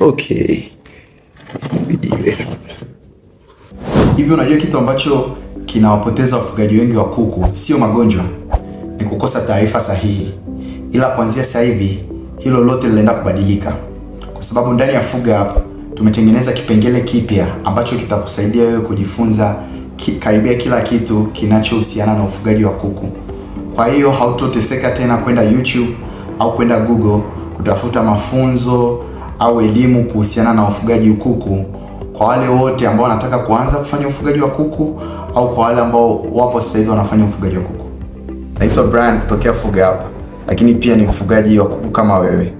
Okay, inabidi iwe hapa hivyo. Unajua kitu ambacho kinawapoteza wafugaji wengi wa kuku sio magonjwa, ni kukosa taarifa sahihi. Ila kuanzia sasa hivi hilo lote linaenda kubadilika, kwa sababu ndani ya Fuga App tumetengeneza kipengele kipya ambacho kitakusaidia wewe kujifunza ki, karibia kila kitu kinachohusiana na ufugaji wa kuku. Kwa hiyo hautoteseka tena kwenda YouTube au kwenda Google kutafuta mafunzo au elimu kuhusiana na ufugaji kuku kwa wale wote ambao wanataka kuanza kufanya ufugaji wa kuku au kwa wale ambao wapo sasa hivi wanafanya ufugaji wa kuku. Naitwa Brian kutokea Fuga Hapa, lakini pia ni mfugaji wa kuku kama wewe.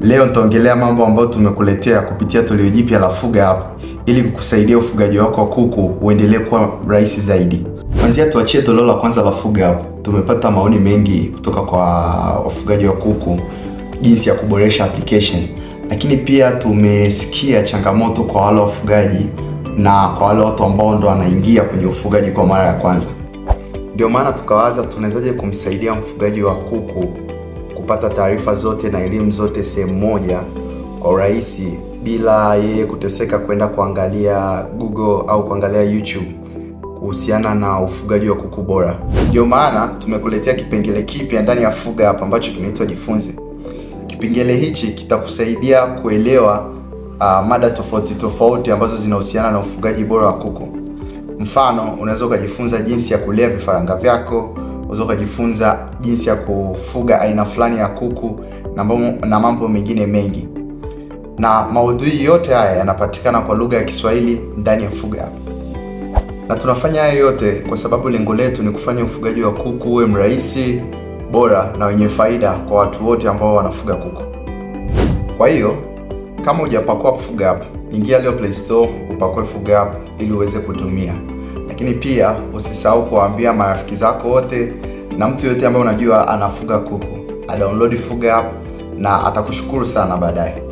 Leo nitaongelea mambo ambayo tumekuletea kupitia toleo jipya la Fuga Hapa ili kukusaidia ufugaji wako wa kuku uendelee kuwa rahisi zaidi. Kwanza tuachie toleo la kwanza la Fuga Hapa. Tumepata maoni mengi kutoka kwa wafugaji wa kuku jinsi ya kuboresha application lakini pia tumesikia changamoto kwa wale wafugaji na kwa wale watu ambao ndo wanaingia kwenye ufugaji kwa mara ya kwanza. Ndio maana tukawaza tunawezaje kumsaidia mfugaji wa kuku kupata taarifa zote na elimu zote sehemu moja kwa urahisi bila yeye kuteseka kwenda kuangalia Google au kuangalia YouTube kuhusiana na ufugaji wa kuku bora. Ndio maana tumekuletea kipengele kipya ndani ya Fuga Hapa ambacho kinaitwa Jifunze. Kipengele hichi kitakusaidia kuelewa uh, mada tofauti tofauti ambazo zinahusiana na ufugaji bora wa kuku. Mfano, unaweza ukajifunza jinsi ya kulea vifaranga vyako, unaweza ukajifunza jinsi ya kufuga aina fulani ya kuku na, na mambo mengine mengi, na maudhui yote haya yanapatikana kwa lugha ya Kiswahili ndani ya Fuga App, na tunafanya haya yote kwa sababu lengo letu ni kufanya ufugaji wa kuku uwe mrahisi bora na wenye faida kwa watu wote ambao wanafuga kuku. Kwa hiyo kama hujapakua Fuga ingia leo Play Store upakue Fuga ili uweze kutumia, lakini pia usisahau kuwaambia marafiki zako wote na mtu yoyote ambaye unajua anafuga kuku, adownload Fuga na atakushukuru sana baadaye.